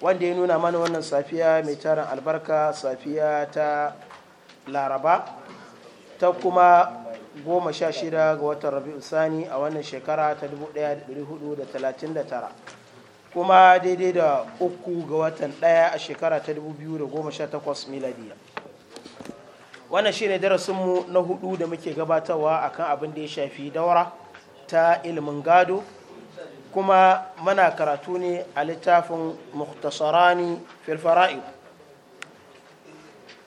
wanda ya nuna mana wannan safiya mai tarin albarka safiya ta laraba ta kuma goma sha ga watan rabi'u sani a wannan shekara ta 1439 kuma daidai da uku ga watan ɗaya a shekara ta 2018 miladiya wannan shi shine darasinmu na hudu da muke gabatarwa akan abin da ya shafi daura ta ilimin gado kuma mana karatu ne a littafin muktasarani filFara'i. fara'id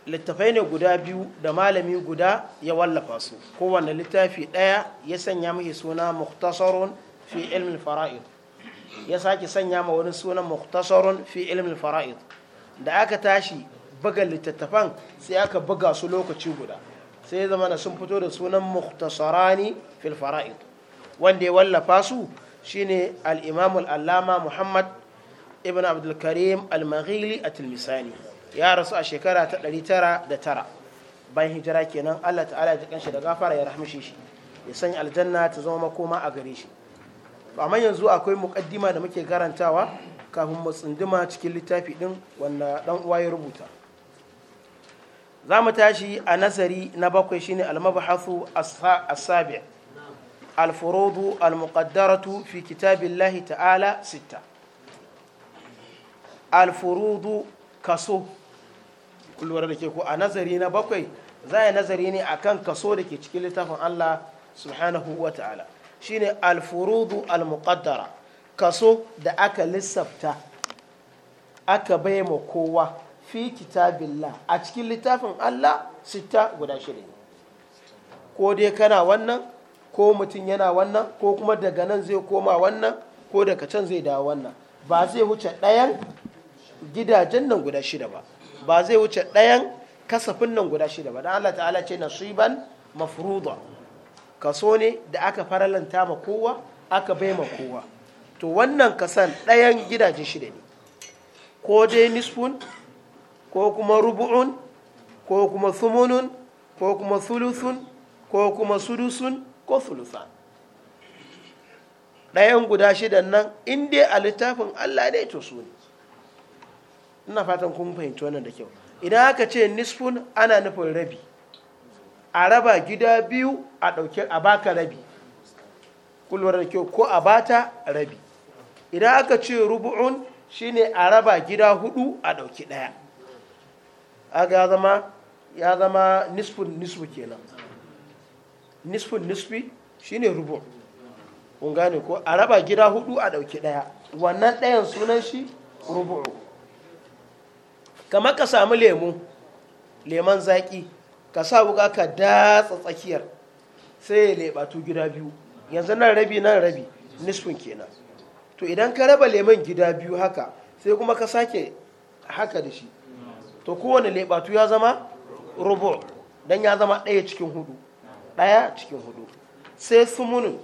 littafai ne guda biyu da malami guda ya wallafa su kowane littafi ɗaya ya sanya mashi suna muktasarun fi ilmin ya sake sanya ma wani sunan muktasarun fi ilmin da aka tashi buga littattafan sai aka buga su lokaci guda sai zama sun fito da sunan muktasarani filFara'i. wanda ya wallafa su shine al-imam muhammad ibn abdulkarim al-maghili a tilmisani ya rasu a shekara ta ɗari tara da tara. bayan hijira kenan allah ta'ala ya kanshi da gafara ya shi ya sanya aljanna ta zama makoma a gare shi amma yanzu akwai mukaddima da muke garantawa kafin mu tsunduma cikin littafi din wanda dan uwa ya rubuta za mu tashi a nazari na bakwai shine al-mabhathu as-sabi' الفروض المقدرة في كتاب الله تعالى ستة الفروض كسو كل ورد كيكو أنظرين بقي زي نظرين أكن كسو لكي تكيل الله سبحانه وتعالى shine alfurudu almuqaddara kaso da aka lissafta aka bai ma kowa fi kitabillah a cikin littafin Allah sita guda shida ko dai kana wannan ko mutum yana wannan ko kuma daga nan zai koma wannan ko daga can zai dawo wannan ba zai wuce ɗayan gidajen nan guda shida ba ba zai wuce ɗayan kasafin nan guda shida ba don Allah ta'ala ce nasiban mafruda kaso ne da aka faralanta ma kowa aka bai ma kowa to wannan kasan ɗayan gidajen shida ne ko dai nisfun ko kuma rubu'un ko kuma sumunun ko kuma thuluthun ko kuma sudusun ko sulusa ɗayan guda shida nan in dai a littafin Allah ne to su ne ina fatan kun fahimci wannan da kyau idan aka ce nisfun ana nufin rabi a raba gida biyu a ɗauke a baka rabi kulwar da kyau ko a bata rabi idan aka ce rubu'un shine a raba gida hudu a ɗauki ɗaya aga ya zama ya zama nisfun nisfu kenan nisfin nisfi shine rubu kun gane ko a raba gida hudu a ɗauki ɗaya wannan ɗayan sunan shi rubu kamar ka samu lemu leman zaki ka sa wuka ka datsa tsakiyar sai ya lebatu gida biyu yanzu nan rabi nan rabi nisfin kenan to idan ka raba leman gida biyu haka sai kuma ka sake haka da shi to kowane leɓatu ya zama rubu don ya zama ɗaya cikin hudu ɗaya cikin hudu sai sumunin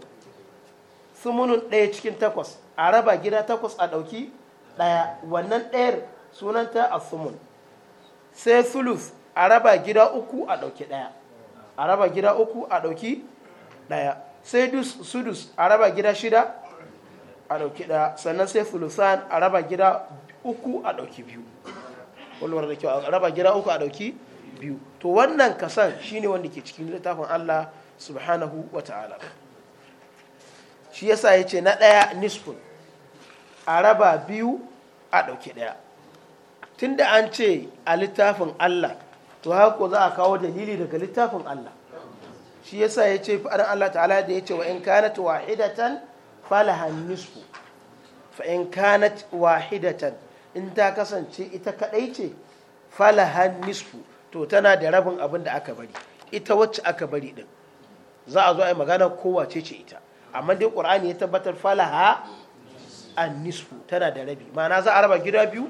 sumunin ɗaya cikin takwas a raba gida takwas a ɗauki ɗaya wannan ɗayar sunanta a sumun sai sulus a raba gida uku a ɗauki ɗaya a raba gida uku a ɗauki ɗaya sai sudus a raba gida shida a ɗauki ɗaya sannan sai fulusan a raba gida uku a ɗauki biyu kulwar da kyau a raba gida uku a ɗauki biyu to wannan kasan shine wanda ke cikin littafin Allah subhanahu wa ta'ala shi yasa ya ce na ɗaya nisfun a raba biyu a ɗauki ɗaya tunda an ce a littafin Allah to haka za a kawo dalili daga littafin Allah shi yasa ya ce fa'arin Allah ta'ala da ya ce wa in kanat wahidatan falahan nisfu fa in kanat wahidatan in ta kasance ita kaɗai ce Falahan nisfu to tana da rabin abin da aka bari ita wacce aka bari din za a zo a yi magana kowace ce ita amma dai qur'ani ya tabbatar falaha an nisfu tana da rabi ma'ana za a raba gida biyu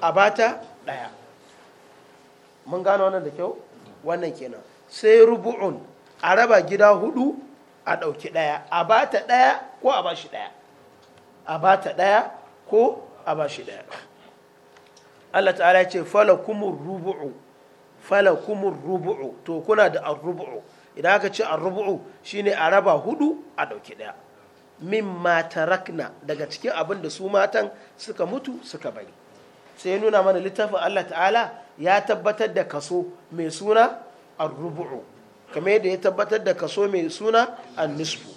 a bata ɗaya mun gano wannan da kyau wannan kenan sai rubu'un a raba gida hudu a ɗauki ɗaya a bata ɗaya ko a bashi ɗaya a bata ɗaya ko a bashi ɗaya Allah ta'ala ya ce falakumur rubu'u falakumun rubu'u to kuna da rubu'u idan aka ce arrubu'u shine a raba hudu a dauki daya Min matarakna daga cikin abin da su matan suka mutu suka bari sai nuna mana littafin Allah ta'ala ya tabbatar da kaso mai suna rubu'u kamar yadda ya tabbatar da kaso mai suna nisfu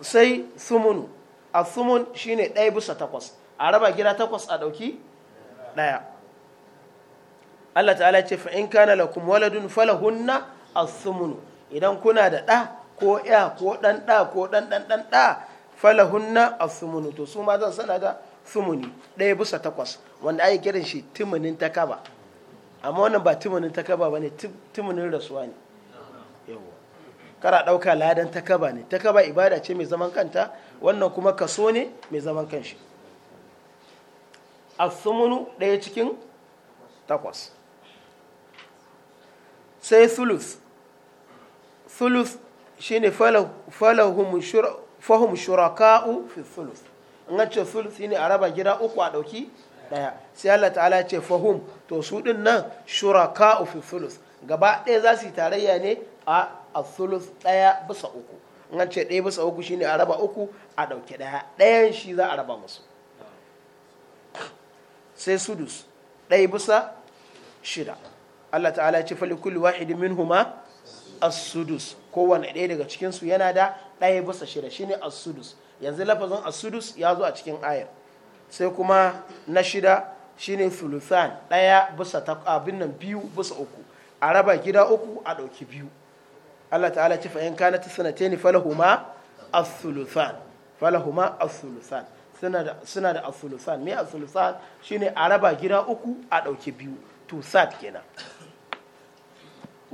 sai sumunu a sumun shine ɗaya bisa takwas a raba gida takwas a ɗauki ɗaya Allah ta'ala ce fa in kana lakum waladun falahunna as-sumun idan kuna da ɗa ko ya ko ɗan da ko ɗan ɗan dan da falahunna as-sumun to su ma zan sana ga sumuni ɗaya bisa takwas wanda ake kiran shi timunin takaba amma wannan ba timunin takaba bane timunin rasuwa ne yawa kara ɗauka ladan takaba ne takaba ibada ce mai zaman kanta wannan kuma kaso ne mai zaman kanshi as-sumunu ɗaya cikin takwas sai sulus sulus shine falahum shuraka'u fi sulus an ce sulus shine a raba gida uku a dauki daya sai Allah ta'ala ce fahum to su din nan shuraka'u fi sulus gaba ɗaya za su yi tarayya ne a sulus ɗaya bisa uku an ce ɗaya bisa uku shine a raba uku a dauki daya ɗayan shi za a raba musu sai sudus ɗaya bisa shida Allah ta'ala ya ce fali kulli wahidin minhuma as-sudus kowanne ɗaya daga cikin su yana da ɗaya bisa shida shine as-sudus yanzu lafazin as ya zo a cikin ayar sai kuma na shida shine thuluthan ɗaya bisa abin nan biyu bisa uku a raba gida uku a ɗauki biyu Allah ta'ala ce fa in kana sanatayn falahuma as-thuluthan falahuma as-thuluthan suna da asulusan me asulusan shine a raba gida uku a ɗauki biyu to sat kenan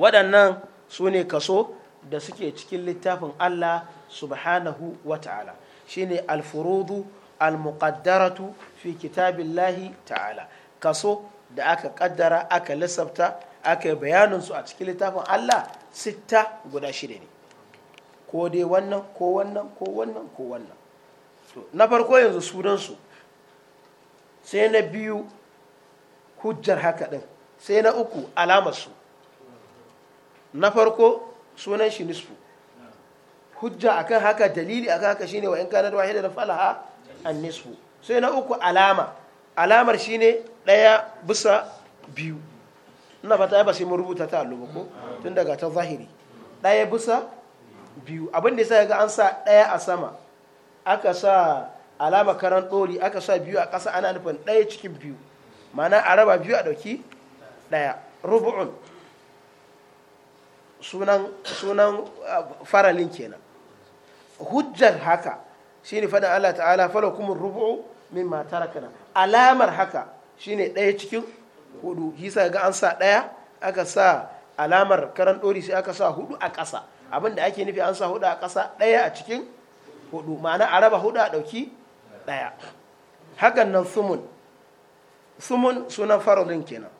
waɗannan su ne kaso da suke cikin littafin Allah subhanahu wa ta'ala shine alfurudu almuqaddaratu fi lahi ta'ala kaso da aka ƙaddara aka lissafta aka yi bayaninsu a cikin littafin Allah sitta guda shida ne ko dai wannan ko wannan ko wannan ko wannan na farko yanzu sunansu sai na biyu hujjar haka ɗin sai na uku alamarsu na farko sunan shi nisfu hujja akan haka dalili akan haka shine wa in kana da wahida falaha an nisfu sai na uku alama alamar shine ɗaya bisa biyu ina fata ba sai mun rubuta ta allo ko tun daga ta zahiri daya bisa biyu abin da yasa ga an sa daya a sama aka sa alama karan ɗori aka sa biyu a ƙasa ana nufin ɗaya cikin biyu ma'ana a raba biyu a ɗauki ɗaya rubu'un sunan sunan ah, faralin kenan hujjar haka shine faɗin Allah ta'ala falo kuma rubu'u min matara kana alamar haka shine ɗaya cikin hudu hisa ga an sa ɗaya aka sa alamar karan ɗori sai aka sa hudu a ƙasa abinda ake nufi an sa hudu a ƙasa ɗaya a cikin hudu ma'ana a raba hudu a ɗauki ɗaya hakan nan sumun sumun sunan farolin kenan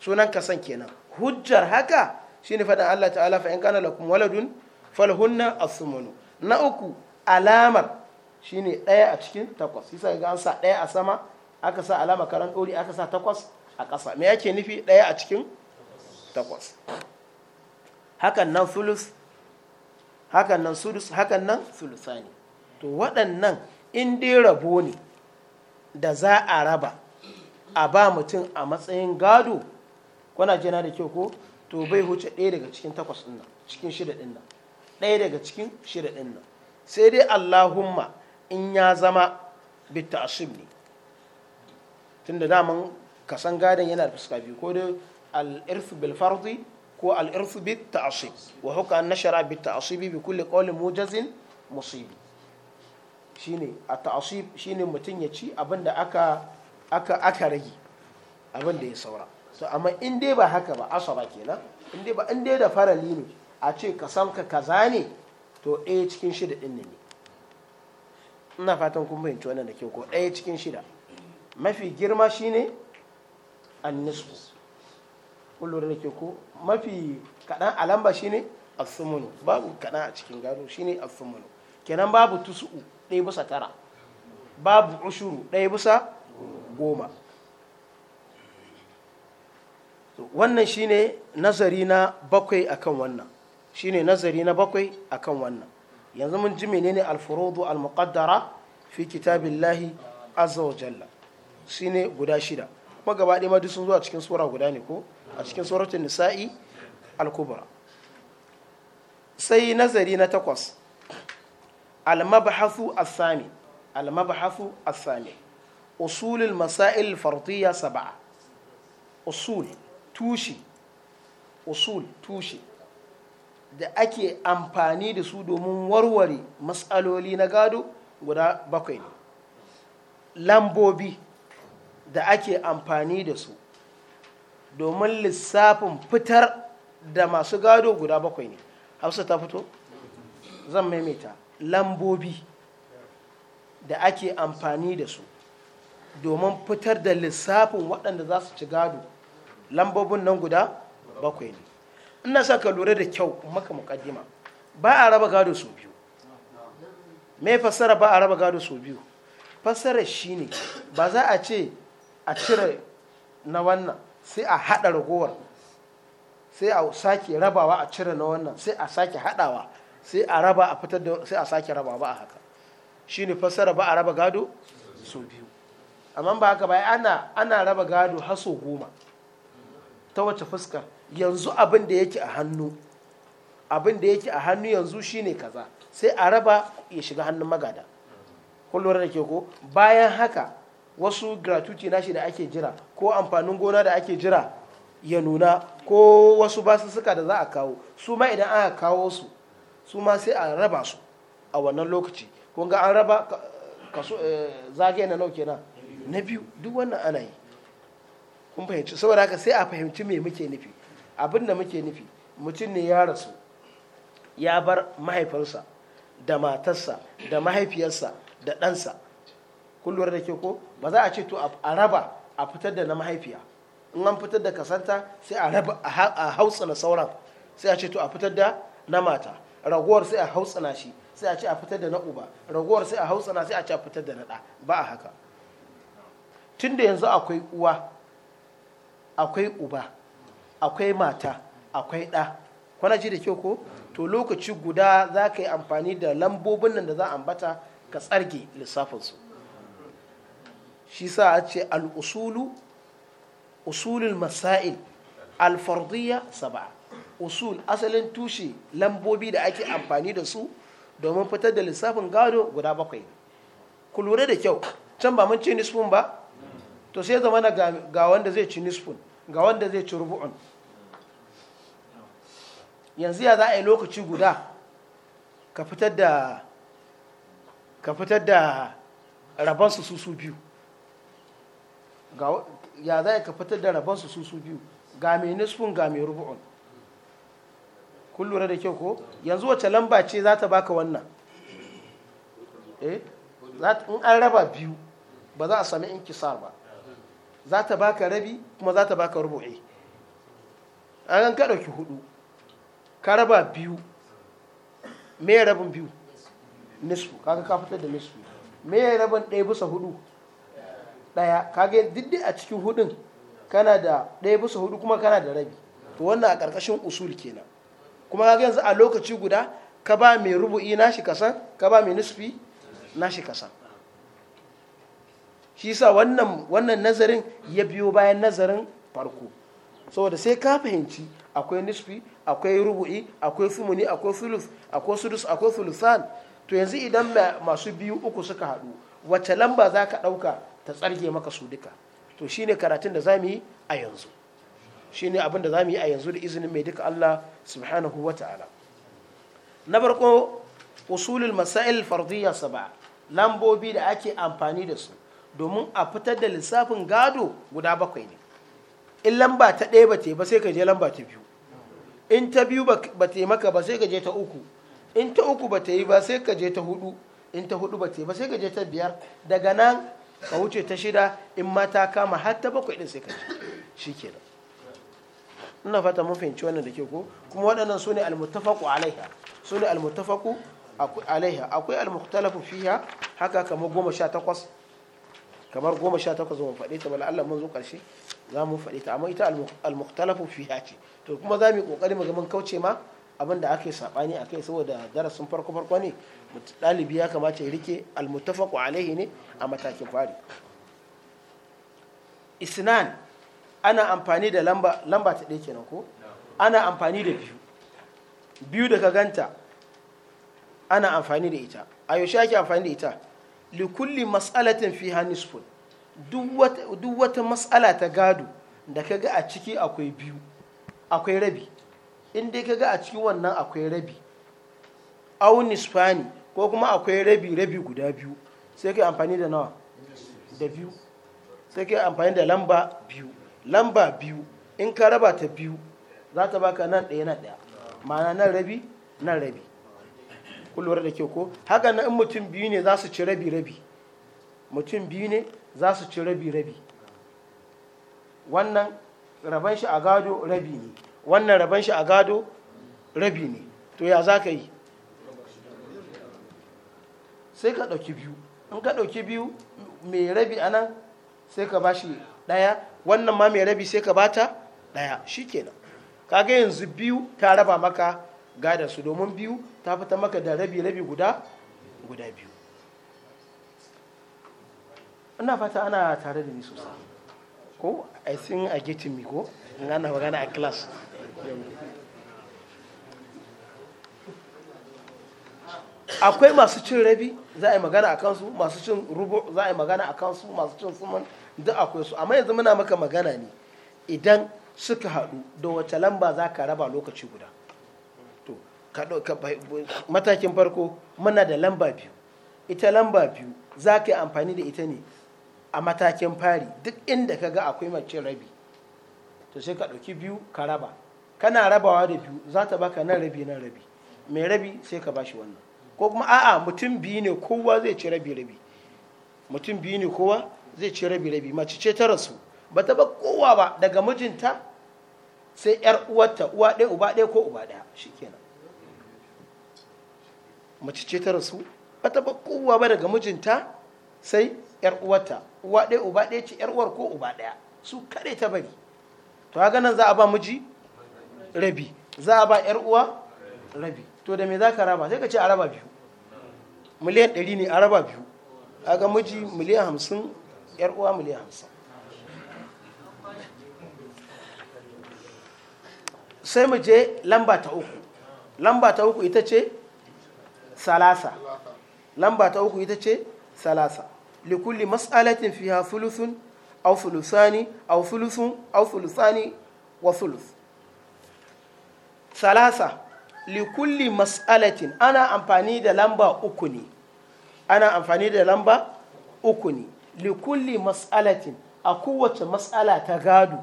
sunan kasan kenan hujjar haka shine faɗin Allah ta'ala fa in kana lakum waladun falhunna as-sumunu na uku alamar shine ɗaya a cikin takwas yasa ga an sa ɗaya a sama aka sa alama karan ɗori aka sa takwas a ƙasa me yake nufi ɗaya a cikin takwas hakan nan sulus hakan nan sulus hakan nan sulusani to waɗannan in dai rabo ne da za a raba a ba mutum a matsayin gado kuna jina da kyau ko to bai huce ɗaya daga cikin takwas ɗin nan cikin shida ɗin nan ɗaya daga cikin shida ɗin nan sai dai allahumma in ya zama bitta asib ne tun da daman kasan gadon yana da fuska biyu ko dai alirfi bil fardi ko al'irfu bit ta'asib wa huka nashara bit ta'asibi bi kulle qawlin mujazin musibi shine a shine mutum ya ci abinda aka aka aka rage abinda ya saura so amma in dai ba haka ba asaba kenan in dai ba in dai da fara ne a ce ka samka kaza ne to ɗaya cikin shida ɗin ne ina fatan kun fahimci wannan da kyau ko ɗaya cikin shida mafi girma shine annisfu kun lura da ke ko mafi kaɗan alamba shine asumunu babu kaɗan a cikin gado shine asumunu kenan babu tus'u ɗaya bisa tara babu ushuru ɗaya bisa goma wannan shine nazari na bakwai akan wannan shine nazari na bakwai akan wannan yanzu mun ji menene alfurudu almuqaddara fi kitabillahi azza wa jalla shine guda shida kuma gaba ɗaya ma duk sun zo a cikin sura guda ne ko a cikin suratul nisa'i al-kubra sai nazari na takwas al-mabhathu as-sami al-mabhathu as-sami usul masail fardiyya sab'a usul tushe usul tushe da ake amfani da su domin warware matsaloli na gado guda bakwai ne lambobi da ake amfani da su domin lissafin fitar da masu gado guda bakwai ne hausa ta fito zan maimaita lambobi da ake amfani da su domin fitar da lissafin waɗanda za su ci gado lambobin nan guda bakwai ne ina sa ka lura da kyau maka mukaddima ba a raba gado su biyu me fassara ba a raba gado su biyu fassara shine ba za a ce a cire na wannan sai a haɗa ragowar sai a sake rabawa a cire na wannan sai a sake haɗawa sai a raba a fitar da sai a sake raba ba a haka shine fassara ba a raba gado su biyu amma ba haka ba ana ana raba gado haso goma ta wace fuskar yanzu abin da yake a hannu abin da yake a hannu yanzu shine kaza sai a raba ya shiga hannun magada kullum da ke ko bayan haka wasu gratuity nashi da ake jira ko amfanin gona da ake jira ya nuna ko wasu basu suka da za a kawo su ma idan aka kawo su su ma sai a raba su a wannan lokaci ko ga an raba eh, zagaye na nau kenan na biyu duk wannan ana yi kun fahimci saboda haka sai a fahimci me muke nufi abin da muke nufi mutum ne ya rasu ya bar mahaifinsa da matarsa da mahaifiyarsa da ɗansa kullum da ke ko ba za a ce to a raba a fitar da na mahaifiya in an fitar da kasanta sai a raba a na sauran sai a ce to a fitar da na mata ragowar sai a na shi sai a ce a fitar da na uba ragowar sai a na sai a ce a fitar da na ɗa ba a haka Tun da yanzu akwai uwa akwai uba akwai mata akwai ɗa kwana ji da kyau ko to lokaci guda za ka yi amfani da lambobin nan da za a ambata ka tsarge lissafinsu shi sa a ce al'usulu usulul masail alfarziya saba usul asalin tushe lambobi da ake amfani da su domin fitar da lissafin gado guda bakwai ku lura da kyau can ba mun ce nisfun ba to sai zama na ga wanda zai ci nisfun ga wanda zai ci rubu'un yanzu ya za a yi lokaci guda ka fitar da ka fitar da rabansu su su biyu ya za a ka fitar da rabansu su su biyu ga mai nisfun ga mai rubu'un kun lura da kyau ko yanzu wace lamba ce za ta baka wannan eh in an raba biyu ba za a sami inkisar ba za ta ka rabi kuma za ta ba ka rubu'i an ka ɗauki hudu ka raba biyu me rabin biyu nisfu kaga ka fitar da nisfu me rabin ɗaya bisa hudu ɗaya kaga diddi a cikin hudun kana da ɗaya bisa hudu kuma kana da rabi to wannan a ƙarƙashin usul kenan kuma kaga yanzu a lokaci guda ka ba mai rubu'i nashi kasan ka ba mai nisfi nashi kasan shi sa wannan wannan nazarin ya biyo bayan nazarin farko saboda sai ka fahimci akwai nisfi akwai rubu'i akwai fumuni akwai sulus akwai sudus akwai sulusan to yanzu idan masu biyu uku suka haɗu wacce lamba za ka ɗauka ta tsarge maka su duka to shine karatun da za mu yi a yanzu shine abin da za mu yi a yanzu da izinin mai duka Allah subhanahu wa ta'ala na barko usulul masail fardiyya saba lambobi da ake amfani da su domin a fitar da lissafin gado guda bakwai ne in lamba ta ɗaya ba ta ba sai ka je lamba ta biyu in ta biyu ba ta maka ba sai ka je ta uku in ta uku ba ta yi ba sai ka je ta hudu in ta hudu ba ta yi ba sai ka je ta biyar daga nan ka wuce ta shida in ma ta kama har ta bakwai ɗin sai ka shi kenan ina fata mun fahimci wannan da ke ko kuma waɗannan su ne almutafaku alaiha su ne almutafaku alaiha akwai almutalafu fiya haka kamar goma sha takwas kamar goma sha takwas mun faɗi ta Allah mun zo ƙarshe za mu faɗi ta amma ita al fi ce to kuma za mu yi ƙoƙari mu ga mun kauce ma abin da aka yi a kai saboda darasin farko farko ne ɗalibi ya kamata ya rike al-muttafaqu alaihi ne a matakin fari isnan ana amfani da lamba lamba ta ɗaya kenan ko ana amfani da biyu biyu da ganta ana amfani da ita a yaushe ake amfani da ita likulli mas'alatin fi hannisfun duk wata matsala ta gado da kaga a ciki akwai biyu akwai rabi in dai kaga a ciki wannan akwai rabi au nisfani ko kuma akwai rabi rabi guda biyu sai kai amfani da nawa da biyu sai kai amfani da lamba biyu lamba biyu in ka raba ta biyu za ta baka nan ɗaya na ɗaya ma'ana nan rabi nan rabi Kulluwar da ke ko haka na in mutum biyu ne za su ci rabi rabi mutum biyu ne za su ci rabi rabi wannan raban shi a gado rabi ne wannan raban shi a gado rabi ne to ya za ka yi sai ka ɗauki biyu in ka ɗauki biyu mai rabi a nan sai ka ba shi ɗaya wannan ma mai rabi sai ka bata ɗaya shi kenan kaga yanzu biyu ta raba maka gada su domin biyu ta fita maka da rabi rabi guda guda biyu ina fata ana tare da ni sosai ko i think i get me ko in ana magana a class akwai masu cin rabi za a yi magana a kansu masu cin rubu za a yi magana a kansu masu cin suman duk akwai su amma yanzu muna maka magana ne idan suka haɗu da wace lamba za ka raba lokaci guda matakin farko muna da lamba biyu ita lamba biyu za ka yi amfani da ita ne a matakin fari duk inda ka ga akwai mace rabi to sai ka ɗauki biyu ka raba kana rabawa da biyu za ta baka nan rabi nan rabi mai rabi sai ka bashi wannan ko kuma a'a mutum biyu ne kowa zai ci rabi rabi mutum biyu ne kowa zai ci rabi rabi mace ce ta rasu ba ta ba kowa ba daga mijinta sai yar uwarta uwa ɗaya uba ɗaya ko uba ɗaya shikenan mace ce ta rasu ba ta kowa ba daga mijinta sai yar uwarta uwa ɗaya uba ɗaya ce yar uwar ko uba ɗaya su kare ta bari to haka nan za a ba miji rabi za a ba yar uwa rabi to da me za ka raba sai ka ce a raba biyu miliyan ɗari ne a raba biyu ga miji miliyan hamsin yar uwa miliyan hamsin sai mu je lamba ta uku lamba ta uku ita ce salasa lamba ta uku ita ce salasa likulli mas'alatin fiha thuluthun aw thulusani aw thuluthun aw thulusani wa thuluth salasa likulli mas'alatin ana amfani da lamba uku ne ana amfani da lamba uku ne likulli mas'alatin a kowace mas'ala ta gado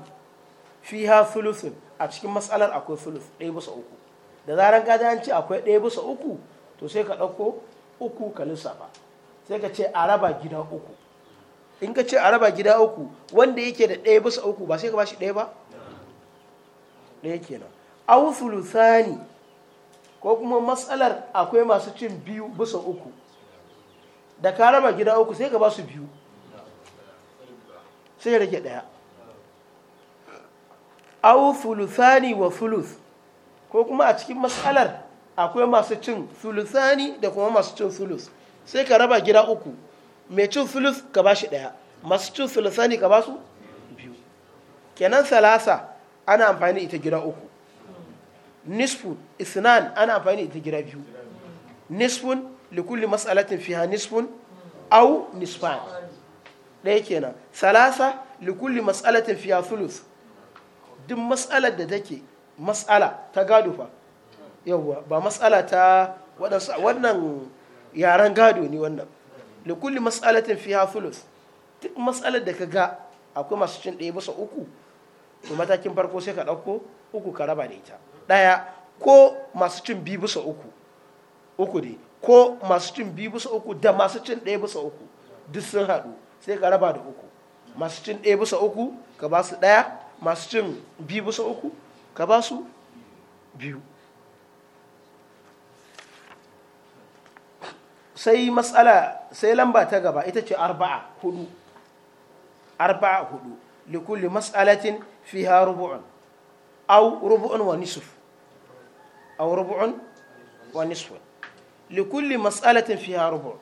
fiha thuluthun a cikin mas'alar akwai thuluth ɗaya bisa uku da zaran gada an ce akwai ɗaya bisa uku to sai ka ɗauko uku ka lissafa sai ka ce a raba gida uku in ka ce a raba gida uku wanda yake da ɗaya bisa uku ba sai ka ba shi ɗaya ba ɗaya nan au thuluthani ko kuma matsalar akwai masu cin biyu bisa uku da ka raba gida uku sai ka ba su biyu sai rage ɗaya awu thuluthani wa fulus ko kuma a cikin matsalar akwai masu cin sulusani da kuma masu cin sulus sai ka raba gida uku mai cin sulus ka ba shi ɗaya masu cin sulusani ka ba su biyu kenan salasa ana amfani ita gida uku nisfun isnan ana amfani ita gida biyu nisfun likulli matsalatin fiha nisfun au nisfan ɗaya kenan salasa likulli matsalatin fiha sulus duk matsalar da take matsala ta gado fa yawwa ba matsala ta wannan yaren gado ne wannan likulli matsalatin fiha fulus duk matsalar da ka ga akwai masu cin ɗaya bisa uku to matakin farko sai ka ɗauko uku ka raba da ita ɗaya ko masu cin biyu bisa uku uku ne ko masu cin biyu bisa uku da masu cin ɗaya bisa uku duk sun haɗu sai ka raba da uku masu cin ɗaya bisa uku ka ba su ɗaya masu cin biyu bisa uku ka ba su biyu sai matsala sai lamba ta gaba ita ce arba'a hudu arba'a hudu likulli mas'alatin fiha rubu'un au rubu'un wa nisuf au rubu'un wa nisf likulli mas'alatin fiha rubu'un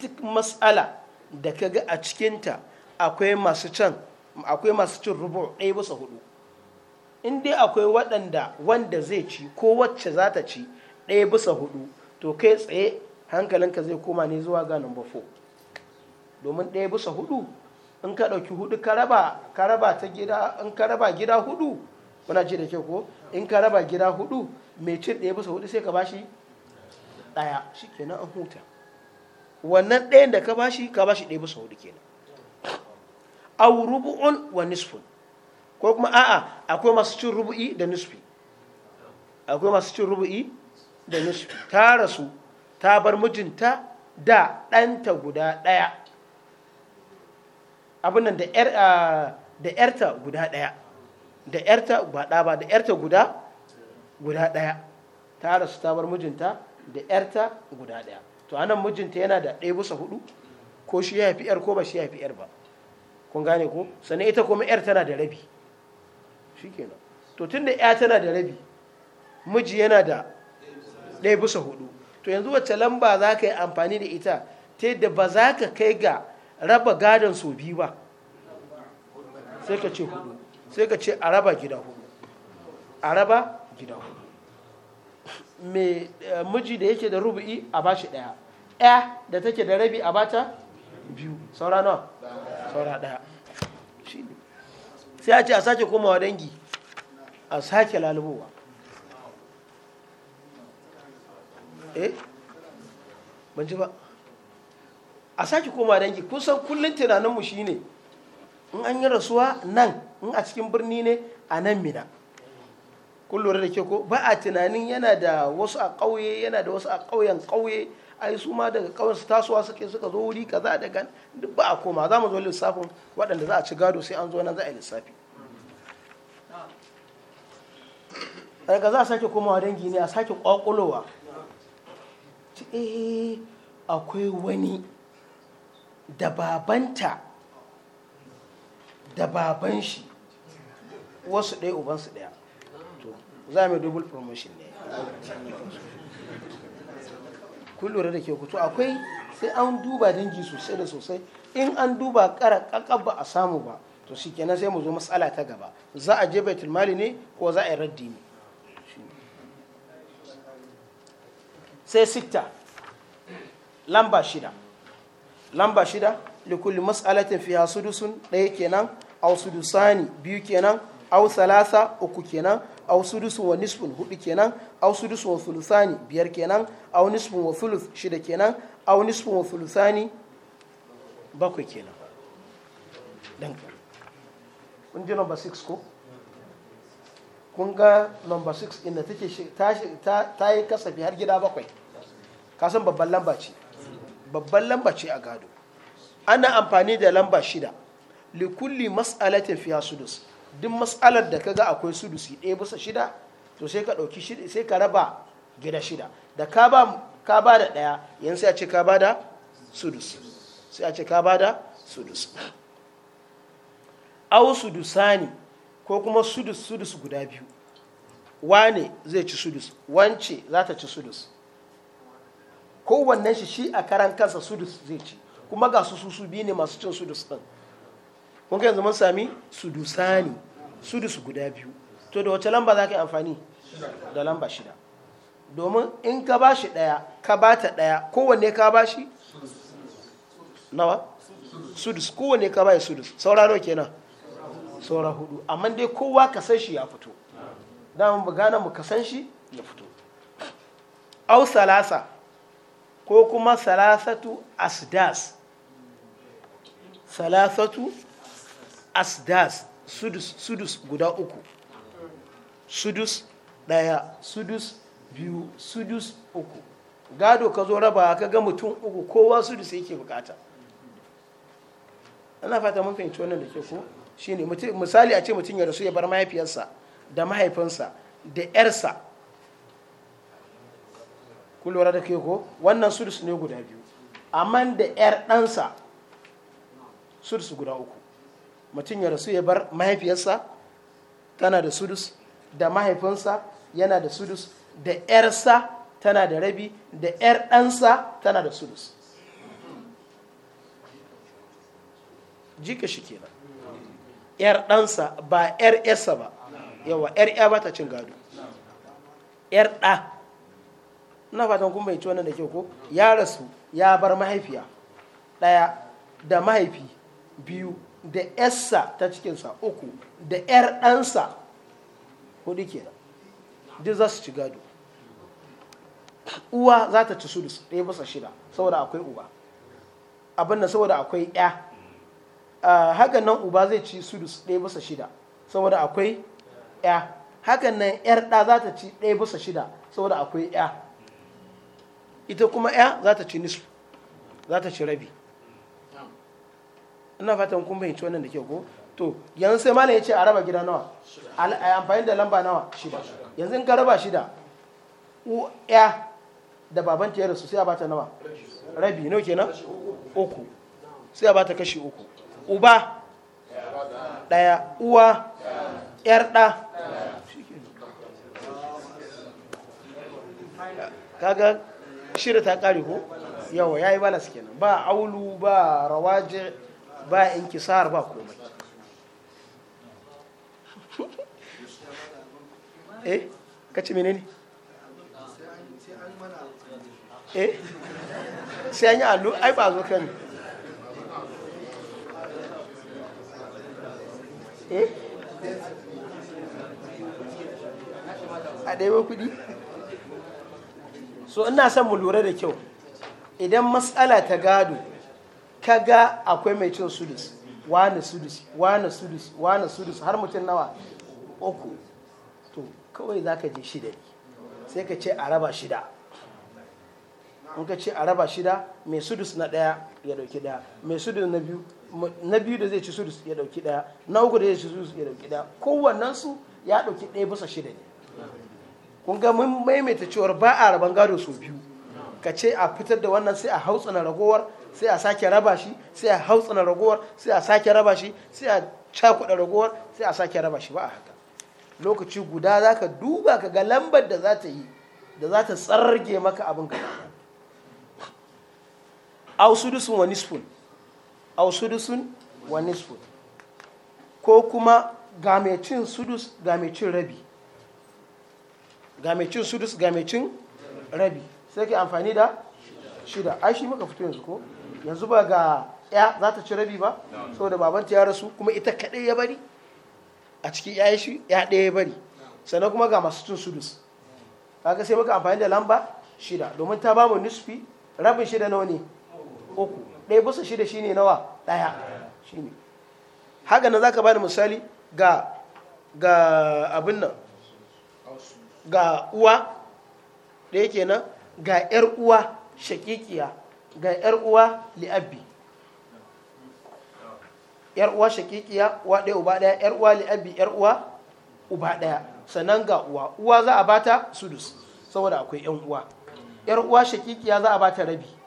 duk mas'ala da ka ga a cikinta akwai masu can akwai masu cin rubu ɗaya bisa hudu in dai akwai waɗanda wanda zai ci ko wacce za ta ci ɗaya bisa hudu to kai tsaye hankalinka zai koma ne zuwa ga number 4 domin ɗaya bisa hudu in ka ɗauki hudu ka raba ta gida in ka raba gida hudu muna ji da kyau ko in ka raba gida hudu mai cin ɗaya bisa hudu sai ka bashi ɗaya shi kenan an huta wannan ɗayan da ka bashi ka bashi ɗaya bisa hudu kenan au rubu'un wa nisfun ko kuma a'a akwai masu cin rubu'i da nisfi akwai masu cin rubu'i da nisfi tara su ta bar mijinta da ɗanta guda ɗaya abin nan da ‘yarta guda ɗaya da ‘yarta ba ɗa ba da ‘yarta guda guda ɗaya ta rasu ta bar mijinta da ‘yarta guda ɗaya to anan mijinta yana da ɗaya bisa hudu ko shi ya fi ‘yar ko ba shi ya fi ‘yar ba kun gane ko sannan ita kuma ‘yar tana da rabi shi kenan to tun da ‘ya tana da rabi miji yana da ɗaya bisa hudu to yanzu wacce lamba za ka yi amfani da ita ta yadda ba za ka kai ga raba gadon su biyu ba sai ka ce hudu sai ka ce a raba gida hudu a raba gida hudu mai eh, miji da yake da rubu'i a bashi daya ya da take da rabi a bata biyu saura nawa saura daya sai a ce a sake komawa dangi a sake lalubowa Eh? ba a sake koma dangi kusan kullum tunaninmu shine in an yi rasuwa nan in a cikin birni ne a nan mina kun lura da ke ko ba a tunanin yana da wasu a ƙauye yana da wasu a ƙauyen ƙauye ai su ma daga ƙauyen su tasowa suke suka zo wuri kaza daga duk ba a koma za mu zo lissafin waɗanda za a ci gado sai an zo nan za a yi lissafi daga za a sake komawa dangi ne a sake ƙwaƙulowa ce eh akwai wani da babanta da baban shi wasu ɗaya ubansu ɗaya to za mu double promotion ne da ke kuto akwai sai an duba dangi sosai da sosai in an duba ƙara ƙaƙab ba a samu ba to shi kenan sai mu zo matsala ta gaba za a je baitul mali ne ko za a yi raddi ne sai sitta lamba shida lamba shida likulli mas'alatin fiha sudusun ɗaya kenan aw sudusani biyu kenan aw salasa uku kenan aw sudusun wa nisfun hudu kenan aw sudusun wa sulusani biyar kenan aw nisfun wa sulus shida kenan aw nisfun wa sulusani bakwai kenan dan kun ji number 6 ko kun ga number 6 inda take ta yi kasafi har gida bakwai kasan babban lamba ce babban lamba ce a gado ana amfani da lamba shida likulli mas'alatin fiya sudus duk mas'alar da kaga akwai sudusi ɗaya bisa shida to sai ka ɗauki shida sai ka raba gida shida da ka ba da ɗaya yanzu sai a ce ka ba da sudus sai a ce ka ba da sudus au sudusani ko kuma sudus sudus guda biyu wane zai ci sudus wance za ta ci sudus kowannen shi shi a karan kansa sudus zai ci kuma ga su su biyu ne masu cin sudus ɗin kun yanzu mun sami sudusani sudus guda biyu to da wace lamba za ka yi amfani da lamba shida domin in ka ba shi ɗaya ka ba ta ɗaya kowanne ka ba shi nawa sudus kowanne ka ba shi sudus sauraro kenan saura hudu amma dai kowa ka san shi ya fito damar mu gane mu ka san shi ya fito au salasa ko kuma salasatu asdas salasatu asdas sudus sudus guda uku sudus daya sudus biyu sudus uku gado ka zo raba ka ga mutum uku kowa sudus yake bukata ana fata mun fahimci wannan da ke ko shine misali a ce mutum ya rasu ya bar mahaifiyarsa da mahaifinsa da yarsa ku lura da ke ko wannan sudus ne guda biyu amma da yar ɗansa sudus guda uku mutum ya rasu ya bar mahaifiyarsa tana da sudus da mahaifinsa yana da sudus da yarsa tana da rabi da yar ɗansa tana da sudus jika shi kenan 'yar ɗansa ba 'yar yarsa ba yawa 'yar ya ba ta cin gado 'yar ɗa na fatan kuma bai ci wannan da ke ko ya rasu ya bar mahaifiya ɗaya da mahaifi biyu da 'yarsa ta cikinsa uku da 'yar ɗansa hudu da duk za su ci gado uwa za ta ci su ɗaya bisa shida saboda akwai uwa abin da saboda akwai 'ya hakan nan uba zai ci su ɗaya bisa shida saboda akwai ya hakan nan yar ɗa za ta ci ɗaya bisa shida saboda akwai ya ita kuma ya za ta ci nisu za ta ci rabi ina fatan kun fahimci wannan da ke ko to yanzu sai malam ya ce a raba gida nawa a amfani da lamba nawa shida yanzu in ka raba shida u ya da ta ya rasu sai a bata nawa rabi no kenan uku sai a bata kashi uku uba ɗaya uwa ‘yar ɗa kaga shirya ta ƙari ko yawa ya yi balas kenan ba aulu ba rawaje ba inkisar ba komai eh kace menene eh sai an yi allo ai ba zo kan Eh? a ɗaya kuɗi so ina son mu lura da kyau idan matsala ta gado ka ga akwai mai cin sudus wane sudus wane sudus wane sudus har mutum nawa uku to kawai za ka ji shida sai ka ce a raba shida in ka ce a raba shida mai sudus na ɗaya ya ɗauki ɗaya mai sudus na biyu na biyu da zai ci sudus ya dauki daya na uku da zai ci sudus ya dauki daya kowannen su ya dauki daya bisa shida ne kun ga mun maimaita cewar ba a raban gado su biyu ka ce a fitar da wannan sai a hautsana ragowar sai a sake raba shi sai a hautsana ragowar sai a sake raba shi sai a cakuɗa ragowar sai a sake raba shi ba a haka lokaci guda za ka duba ka ga lambar da za ta yi da za ta tsarge maka abin ka au sudusun wani nisfun au sudusun wa nisfu ko kuma gamecin sudus gamecin rabi gamecin sudus gamecin rabi sai ke amfani da shida ai shi muka fito yanzu ko yanzu ba ga ya za ta ci rabi ba saboda babanta ya rasu kuma ita kaɗai ya bari a cikin ya shi ya ɗaya ya bari sannan kuma ga masu cin sudus kaga sai muka amfani da lamba shida domin ta babu nisfi rabin shida nawa ne uku ɗaya bisa shida ne nawa ɗaya ne haka nan za ka bani misali ga abin nan ga uwa da yake nan ga yar uwa shakikiya ga yar uwa li'abbi yar uwa shakikiya uwa ɗaya uba ɗaya yar uwa li'abbi yar uwa uba ɗaya sannan ga uwa uwa za a bata sudus saboda akwai yan uwa yar uwa shakikiya za a bata rabi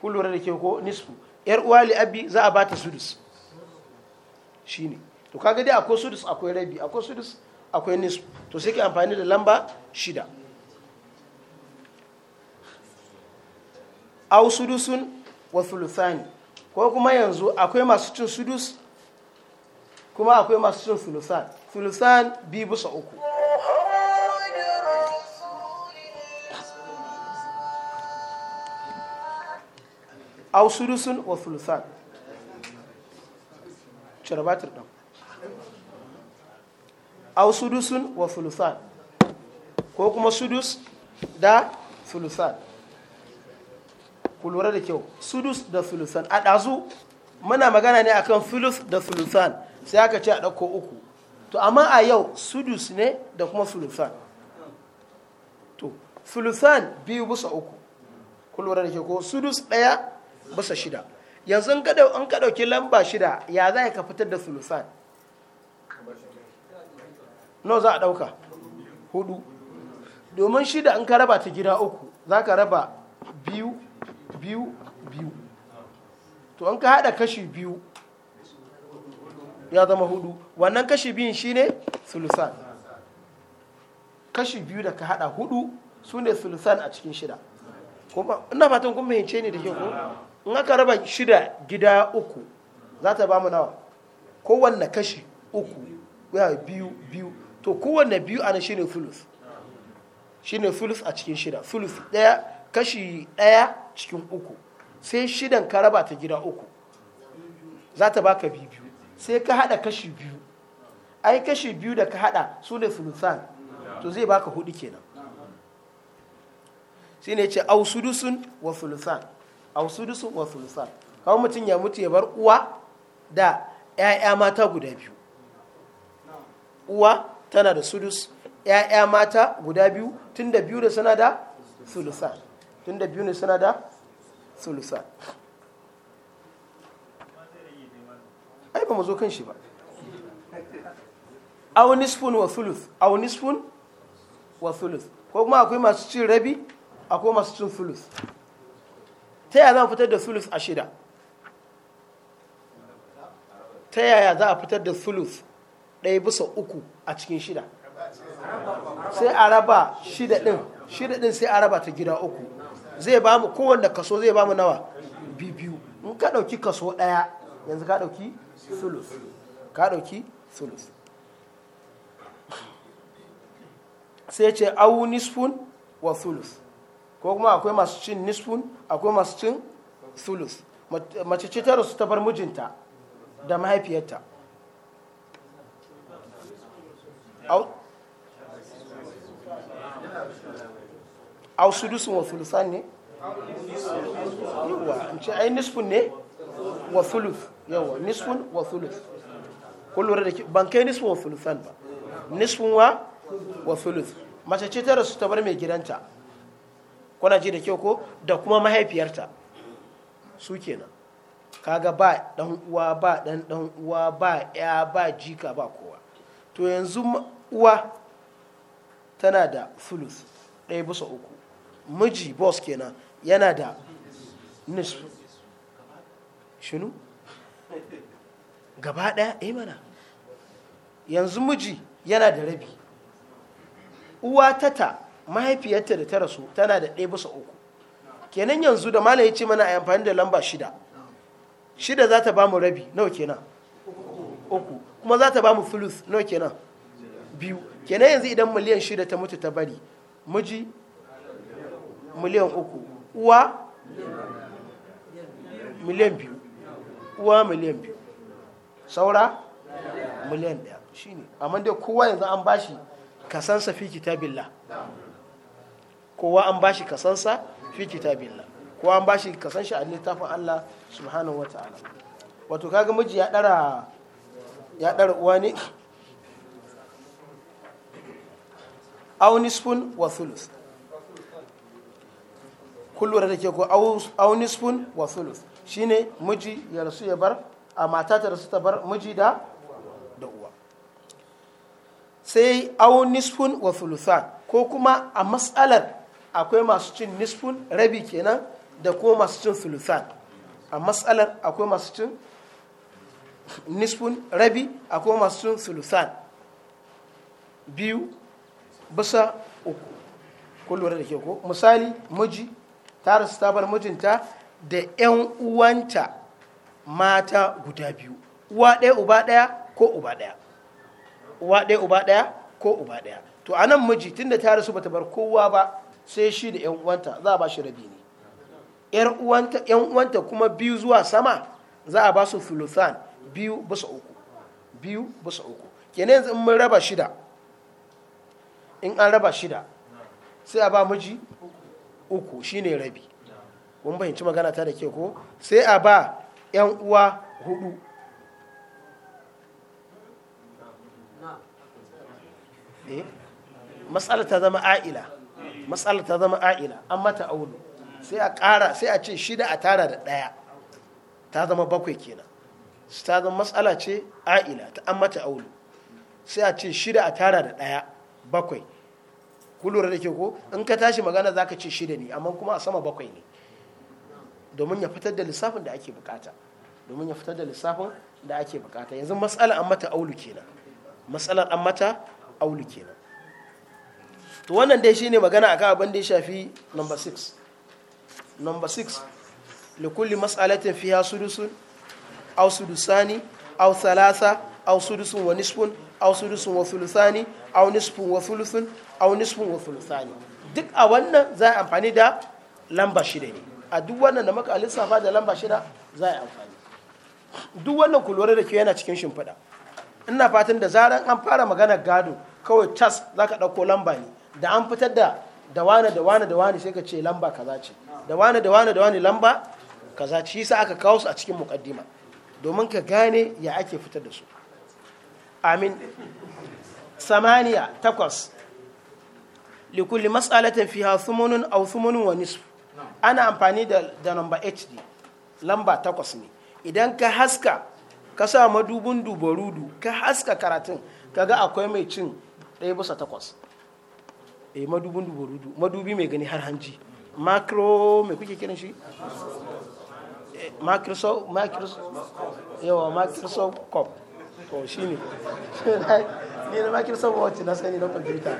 kun lura da ke ko nisfu yar uwa li abi za a bata sudus shine to kaga dai akwai sudus akwai rabi akwai sudus akwai nisfu to sai ke amfani da lamba shida au sudusun wa thuluthani ko kuma yanzu akwai masu cin sudus kuma akwai masu cin thuluthan thuluthan bi bisa uku aw surusun wa thuluthan charbatir ɗan aw sudusun wa thuluthan ko kuma sudus da thuluthan ku lura da kyau sudus da thuluthan a ɗazu muna magana ne akan fulus da thuluthan sai aka ce a ɗauko uku to amma a yau sudus ne da kuma thuluthan to thuluthan biyu busa uku ku lura da kyau ko sudus ɗaya bisa shida yanzu an ka ɗauki lamba shida ya za ka fitar da sulusan no za a ɗauka hudu domin shida an ka raba ta gida uku za ka raba biyu biyu biyu to an ka haɗa kashi biyu ya zama hudu wannan kashi biyun shine sulusan kashi biyu da ka haɗa hudu su ne sulusan a cikin shida ina fatan kuma fahimce ne da ke ko in aka raba shida gida uku za ta ba mu nawa kowanne kashi uku biyu biyu to kowanne biyu ana shine fulus shine fulus a cikin shida fulus ɗaya kashi ɗaya cikin uku sai shidan ka raba ta gida uku za ta baka biyu biyu sai ka hada kashi biyu ai kashi biyu da ka hada su ne fulusan to zai baka hudu kenan shine ce au sudusun wa fulusan aw sudusu wa sulusa kawai mutum ya mutu ya bar uwa da 'ya'ya mata guda biyu uwa tana da sudus 'ya'ya mata guda biyu da biyu da suna da tun da biyu da suna da sulusa. ai ba mu zo kan shi ba aw wa sulus aw wa ko kuma akwai masu cin rabi akwai masu cin sulus. ta yaya za a fitar da sulus a shida ta yaya za a fitar da sulus ɗaya bisa uku a cikin shida sai a raba shida ɗin shida ɗin sai a raba ta gida uku zai ba mu kowanne kaso zai ba mu nawa biyu in ka ɗauki kaso ɗaya yanzu ka ɗauki sulus ka ɗauki sulus sai ce awu nisfun wa sulus ko kuma akwai masu cin nisfun akwai masu cin sulus mace ce ta rasu ta bar mijinta da mahaifiyarta au sudusun wa sulusan ne yawa in ce ai nisfun ne wa sulus yawa nisfun wa sulus kullum da ban kai nisfun wa sulusan ba nisfun wa wa thuluth mace ce ta rasu ta bar mai gidanta kuna ji da kyau ko da kuma mahaifiyarta su kenan kaga ba dan uwa ba dan dan uwa ba ya ba jika ba kowa to yanzu uwa tana da fulus ɗaya bisa uku miji boss kenan yana da nisf shinu gaba ɗaya eh mana yanzu miji yana da rabi uwa tata mahaifiyarta da ta rasu tana da ɗaya bisa uku kenan yanzu da malam ya ce mana a amfani da lamba shida shida za ta ba mu rabi nawa kenan uku kuma za ta ba mu fulus nawa kenan biyu kenan yanzu idan miliyan shida ta mutu ta bari miji miliyan uku uwa miliyan biyu uwa miliyan biyu saura miliyan ɗaya shine amma dai kowa yanzu an bashi kasansa fi kitabillah kowa an bashi kasansa fi kitabillah kowa an bashi kasan shi a littafin Allah subhanahu wataala wato kaga miji ya dara ya dara uwa ne aunispun wa thuluth kullu da ke ko aunispun nisfun wa thuluth shine miji ya rasu ya bar a mata ta rasu ta bar miji da da uwa sai aunispun wa thuluthan ko kuma a matsalar akwai masu cin nisfun rabi kenan da ko masu cin sulusan a matsalar akwai masu cin nisfun rabi akwai masu cin sulusan biyu bisa uku kullum da ke ko misali miji ta rasu ta bar mijinta da 'yan uwanta mata guda biyu uwa ɗaya uba ɗaya ko uba ɗaya uwa ɗaya uba ɗaya ko uba ɗaya to anan miji tunda ta rasu bata bar kowa ba sai shi da 'yan uwanta za a ba shi rabi ne 'yan uwanta kuma biyu zuwa sama za a ba su filothan biyu basa uku biyu basa uku kenan yanzu in mun raba shida in an raba shida sai a ba miji uku shi ne rabi kun bayanci magana ta da ke ko sai a ba 'yan uwa hudu eh? matsala ta zama a'ila matsala ta zama a'ila an mata aulu sai a ƙara sai a ce shida a tara da ɗaya ta zama bakwai kenan ta zama matsala ce a'ila ta an mata aulu sai a ce shida a tara da ɗaya bakwai ku lura da ke ko in ka tashi magana za ka ce shida ne amma kuma a sama bakwai ne domin ya fitar da lissafin da ake bukata domin ya fitar da lissafin da ake bukata yanzu matsala an mata aulu kenan matsalar an mata aulu kenan to wannan dai shine magana akan abin da ya shafi number 6 number 6 kulli mas'alatin fiha sudusun aw sudusani aw thalatha aw sudusun wa nisfun aw sudusun wa thuluthani aw nisfun wa thuluthun aw nisfun wa thuluthani duk a wannan za a amfani da lamba shida ne a duk wannan da muka lissafa da lamba shida za a amfani duk wannan kulwar da ke yana cikin shimfiɗa ina fatan da zaran an fara magana gado kawai tas za ka ɗauko lamba ne da an fitar da da wane da wane da wane sai ka ce lamba kaza ce da wane da wane da wane lamba kaza ce sa aka kawo su a cikin mukaddima domin ka gane ya ake fitar da su amin samaniya takwas kulli mas'alatin fiha thumunun aw thumunun wa nisf ana amfani da da number hd lamba takwas ne idan ka haska ka sa madubin dubarudu ka haska karatun kaga akwai mai cin ɗaya bisa takwas eh madubin duburudu madubi mai gani har hanji macro mai kuke kiran shi eh, microsoft yawa microsoft cop to shi ne ne na microsoft wacce na sani na computer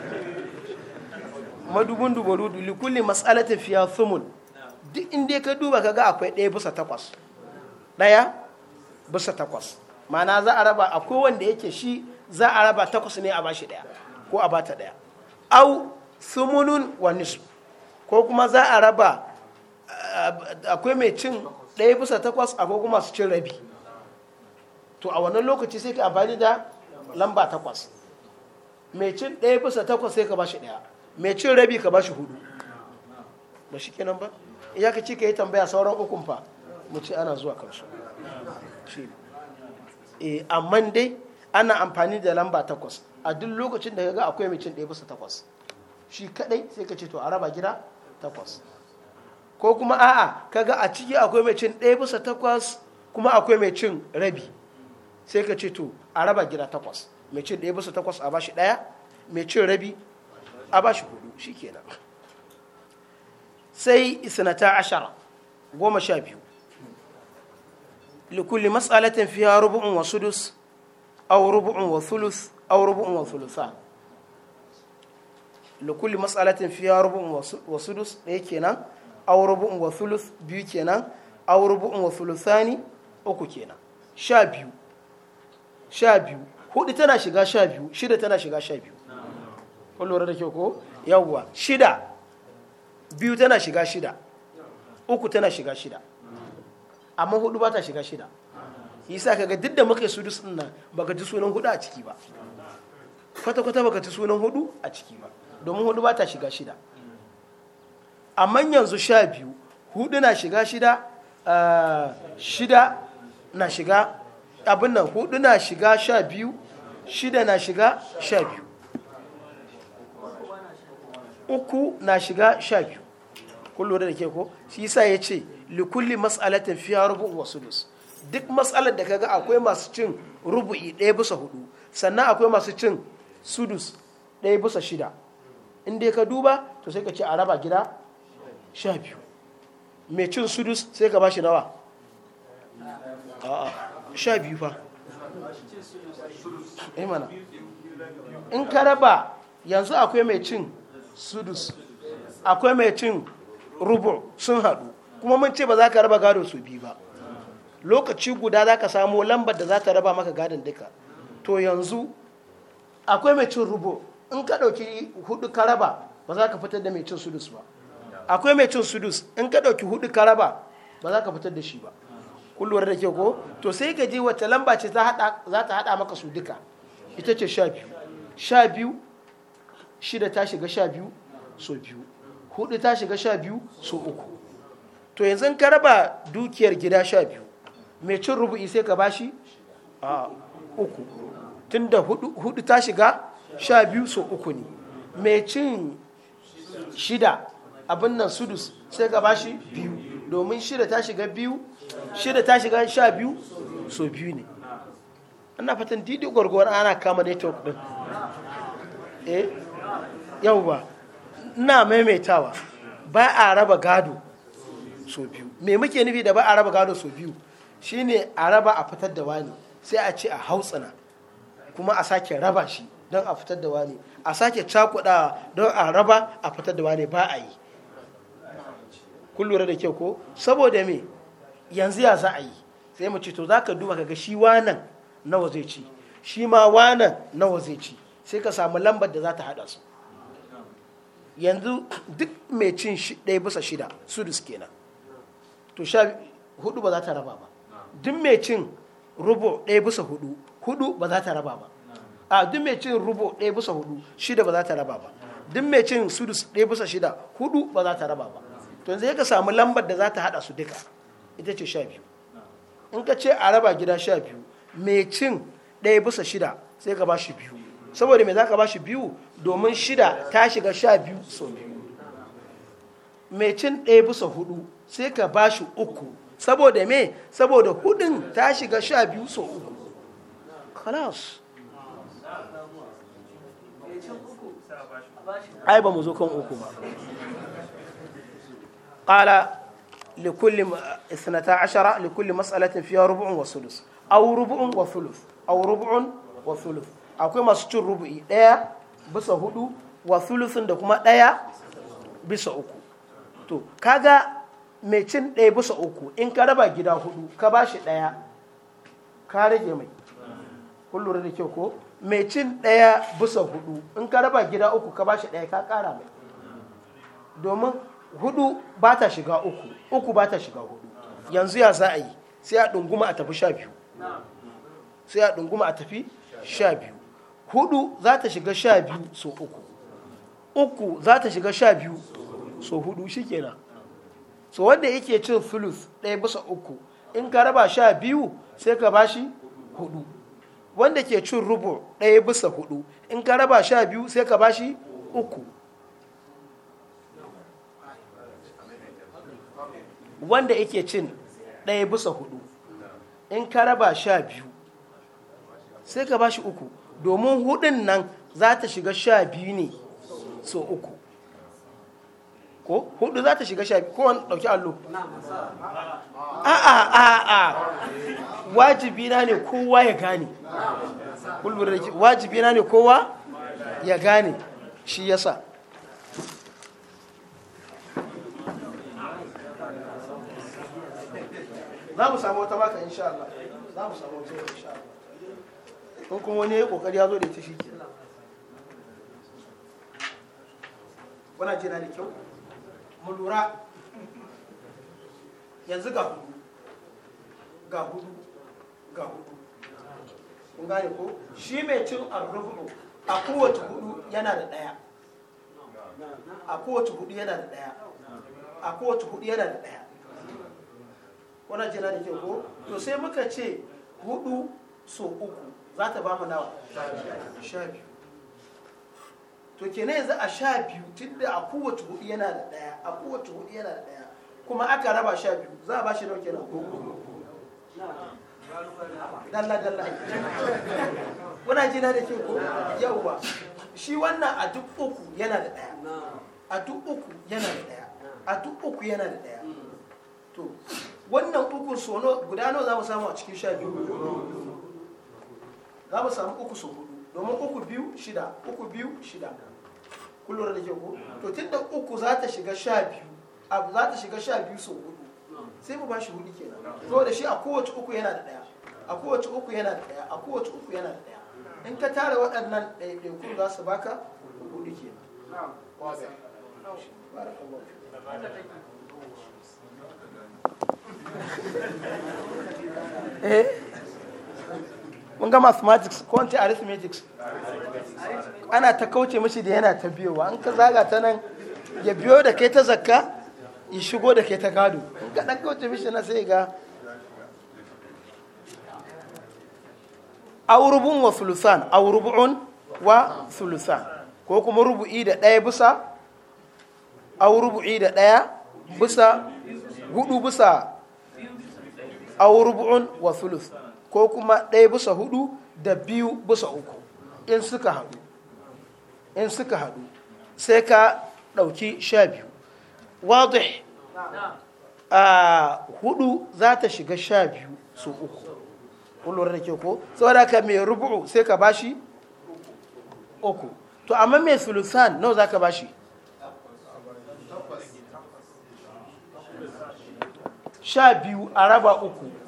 madubin duburudu likulli mas'alati fiya thumul duk inda ka duba kaga akwai ɗaya bisa takwas ɗaya bisa takwas ma'ana za a raba akwai wanda yake shi za a raba takwas ne a bashi ɗaya ko a bata ɗaya au sumunun wa nisf ko kuma za a raba akwai mai cin ɗaya bisa takwas akwai kuma su cin rabi to a wannan lokaci sai ka amfani da lamba takwas mai cin ɗaya bisa takwas sai ka ba shi ɗaya mai cin rabi ka ba shi hudu ba shi kenan ba Ya ka ci ka yi tambaya sauran ukun fa mu ce ana zuwa kansu eh, amma dai ana amfani da lamba takwas a duk lokacin da ga akwai mai cin ɗaya bisa takwas shi kadai sai ka ce to a raba gida takwas ko kuma a'a kaga a ciki akwai mai cin ɗaya bisa takwas kuma akwai mai cin rabi sai ka ce to a raba gida takwas mai cin ɗaya bisa takwas a bashi ɗaya mai cin rabi a bashi hudu shi kenan sai isnata ashara goma sha biyu likulli matsalatin fiya rubu'un wa sudus au rubu'un wa thuluth au rubu'un wa thuluthan likulli fiye a rubu'un wa sudus ɗaya kenan a rubu'un wa sulus biyu kenan a rubu'un wa thuluthani uku kenan sha biyu sha biyu hudu tana shiga sha biyu shida tana shiga sha biyu kun lura da ke ko yawwa shida biyu tana shiga shida uku tana shiga shida amma hudu ba ta shiga shida yasa kaga duk da muka yi sudus ɗin nan ka ji sunan hudu a ciki ba kwata-kwata baka ci sunan hudu a ciki ba domin hudu ba ta shiga shida hmm. amma yanzu sha biyu hudu na shiga shida ah, shida na shiga abin nan hudu na shiga sha biyu shida na shiga sha biyu uku na shiga sha biyu kullum da ke ko shi yasa ya ce likulli matsalatin fiya rubu wasu dus duk matsalar da kaga akwai masu cin rubu'i ɗaya bisa hudu sannan akwai masu cin sudus ɗaya bisa shida in dai ka duba to sai ka ce a raba gida sha biyu mai cin sudus sai ka ba shi nawa sha biyu fa eh in ka raba yanzu akwai mai cin sudus akwai mai cin rubu sun haɗu kuma mun ce ba za ka raba gado su biyu ba lokaci guda za ka samu lambar da za ta raba maka gadon duka to yanzu akwai mai cin rubo in ka ɗauki hudu karaba ba za ka fitar da mai cin sudus ba akwai mai cin sudus in ka ɗauki hudu karaba ba za ka fitar da shi ba kullum da ke ko to sai ka ji wacce lamba ce za ta haɗa maka su duka ita ce sha biyu sha biyu shida ta shiga sha biyu so biyu hudu ta shiga sha biyu so uku to yanzu ka raba dukiyar gida sha biyu mai cin rubu'i sai ka bashi a uku tunda hudu ta shiga sha biyu so uku ne mai cin shida abin nan sudus sai ga bashi biyu domin shida ta shiga biyu shida ta shiga sha biyu so biyu ne ana fatan didi gwargwar ana kama network din eh ba ina maimaitawa ba a raba gado so biyu mai muke nufi da ba a raba gado so biyu shine a raba a fitar da wani sai a ce a hautsana kuma a sake raba shi don a fitar da wani a sake cakuɗa don a raba a fitar da wani ba a yi kun da kyau ko saboda me yanzu ya za a yi sai mu ce to za ka duba kaga shi wanan nawa zai ci shi ma wanan nawa zai ci sai ka samu lambar da za ta haɗa su yanzu duk mai cin ɗaya bisa shida sudus kenan to sha hudu ba za ta raba ba duk mai cin rubo ɗaya bisa hudu hudu ba za ta raba ba a duk mai cin rubo ɗaya bisa hudu shida ba za ta raba ba duk mai cin sudus ɗaya bisa shida hudu ba za ta raba ba to yanzu ka samu lambar da za ta hada su duka ita ce sha biyu in ka ce a raba gida sha biyu mai cin ɗaya bisa shida sai ka ba shi biyu saboda mai za ka ba shi biyu domin shida ta shiga sha biyu sau biyu mai cin ɗaya bisa hudu sai ka ba shi uku saboda me saboda hudun ta shiga sha biyu sau uku خلاص ai ba mu zo ashara li kulli mas'alatin fiha rub'un wa thuluth aw rub'un wa thuluth akwai masu cin rubu'i daya bisa hudu wa da kuma daya bisa uku to kaga mai cin daya bisa uku in ka raba gida huɗu ka bashi daya ka rage mai kun lura da kyau ko mai cin ɗaya bisa hudu in ka raba gida uku ka bashi ɗaya ka ƙara mai domin hudu ba ta shiga uku uku ba ta shiga hudu yanzu ya za a yi sai a ɗunguma a tafi sha biyu sai a ɗunguma a tafi sha biyu hudu za ta shiga sha biyu so uku uku za ta shiga sha biyu so hudu shi kenan so wanda yake cin fulus ɗaya bisa uku in ka raba sha biyu sai ka bashi hudu wanda ke cin rubu ɗaya bisa hudu in ka raba sha biyu sai ka bashi uku wanda yake cin ɗaya bisa hudu in ka raba sha biyu sai ka bashi uku domin hudun nan za ta shiga sha biyu ne so uku ko hudu za ta shiga sha biyu ko wani ɗauki allo a a a a wajibi na ne kowa ya gane wajibi na ne kowa ya gane shi yasa za mu samu wata baka insha Allah za mu samu wata insha Allah ko kuma wani ya kokari ya zo da ita shi ke kuna jira da kyau mu lura yanzu ga hudu ga hudu ga hudu kun gane ko shi mai cin arrufu a kowace hudu yana da daya a kowace hudu yana da daya a kowace hudu yana da daya kuna jira da ke ko to sai muka ce hudu so uku za ta ba mu nawa sha biyu to kenan yanzu a sha biyu tunda a kowace hudu yana da daya a kowace hudu yana da daya kuma aka raba sha biyu za a ba shi nawa kenan dalla dalla kuna jina da ke ko yawwa shi wannan a duk uku yana da daya a duk uku yana da daya a duk uku yana da daya to wannan uku sono guda nawa za mu samu a cikin sha biyu za mu samu uku sono domin uku biyu shida uku biyu shida kullum da ke ko to tun da uku za ta shiga sha biyu abu za ta shiga sha biyu sau hudu sai mu ba shi hudu kenan to da shi a kowace uku yana da daya a kowace uku yana da daya a kowace uku yana da daya in ka tara waɗannan ɗaiɗaikun za su baka hudu kenan eh mun ga mathematics ko wance arithmetics ana ta kauce mashi da yana ta biyowa an ka zaga ta nan ya biyo da kai ta zakka ya shigo da kai ta gado in ka dan kauce mashi na sai ga aurubun wa sulusan aurubu'un wa sulusan ko kuma rubu'i da ɗaya bisa aurubu'i da ɗaya bisa hudu bisa aurubu'un wa sulusan ko kuma ɗaya bisa hudu da biyu bisa uku in suka haɗu in suka haɗu sai ka ɗauki sha biyu wadu a hudu za ta shiga sha biyu su uku ƙulwar da ke ko da ka mai rubu sai ka bashi uku to amma mai sulusan nau za ka bashi sha biyu a raba uku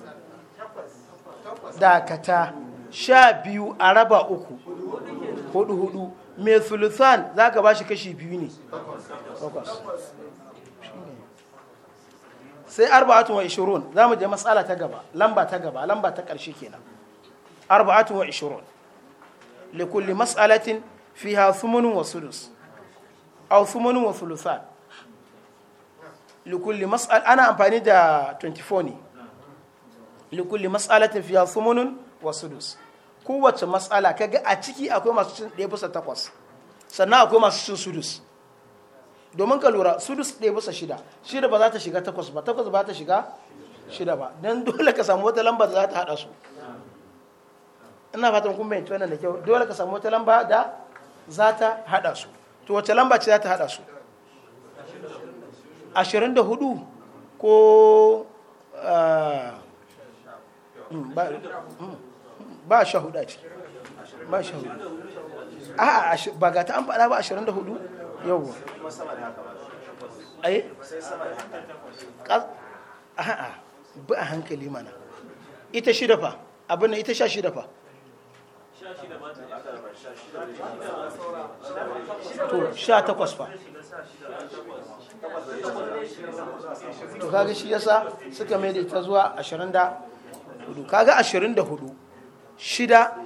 dakata sha biyu a raba uku hudu hudu mai sulusan za ka ba shi kashi biyu ne sai arba'atun wa ishirun za mu je matsala ta gaba lamba ta gaba lamba ta ƙarshe kenan arba'atun wa ishirun likulli matsalatin fi ha sumunin wa sulus au sumunin wa sulusan likulli matsal ana amfani da 24 ne likulli mas'alatin fiya sumunun wa sudus kowace matsala kaga a ciki akwai masu cin ɗaya bisa takwas sannan akwai masu cin sudus domin ka lura sudus ɗaya bisa shida shida ba za ta shiga takwas ba takwas ba ta shiga shida ba don dole ka samu wata lamba da za ta haɗa su ina fatan kun bayanci wannan da kyau dole ka samu wata lamba da za ta haɗa su to wace lamba ce za ta haɗa su ashirin da hudu ko eh, Mm, ba sha hudu a ciki ba sha hudu a ba ga ta an faɗa ba ashirin da hudu yawwa eh? ai a'a bi a hankali mana ita shida fa abin ita sha shida fa to sha takwas fa to kaga shi yasa suka mai da ita zuwa ashirin da hudu kaga ashirin da hudu shida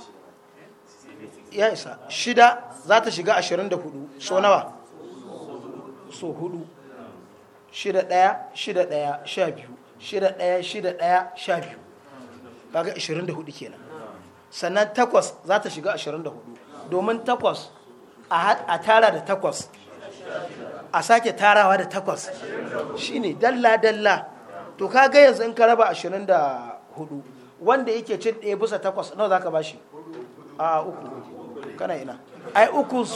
ya isa shida za ta shiga ashirin da hudu so nawa so hudu shida daya shida daya sha biyu shida daya shida daya sha biyu kaga ashirin da hudu kenan sannan takwas za ta shiga ashirin da hudu domin takwas a tara da takwas a sake tarawa da takwas shine dalla dalla to ga yanzu in ka raba ashirin da hudu wanda yake cin ɗaya bisa takwas nawa za ka ba shi a uku kana ina ai uku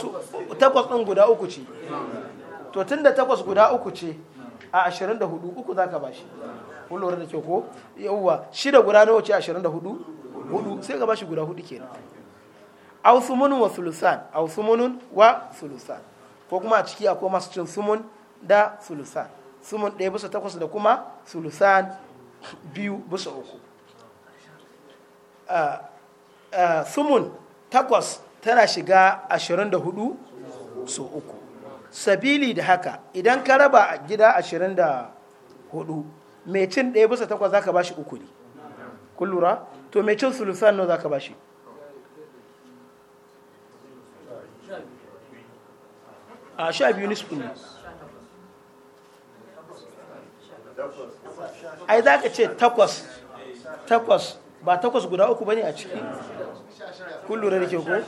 takwas ɗin guda uku ce to tun da takwas guda uku ce a ashirin da hudu uku za ka ba shi kun da kyau ko yawwa shida guda nawa ce ashirin da hudu hudu sai ka ba shi guda hudu kenan au sumun wa sulusan au sumun wa sulusan ko kuma a ciki a koma masu cin sumun da sulusan sumun ɗaya bisa takwas da kuma sulusan biyu bisa uku sumun takwas tana shiga ashirin da hudu so uku sabili da haka idan ka raba gida ashirin da hudu mai cin ɗaya bisa takwas za ka ba shi uku ne kun lura to mai cin sulusan nan za ka ba shi a sha biyu nisfu ne ai za ka ce takwas takwas ba takwas guda uku bane a ciki Kullum da ke ko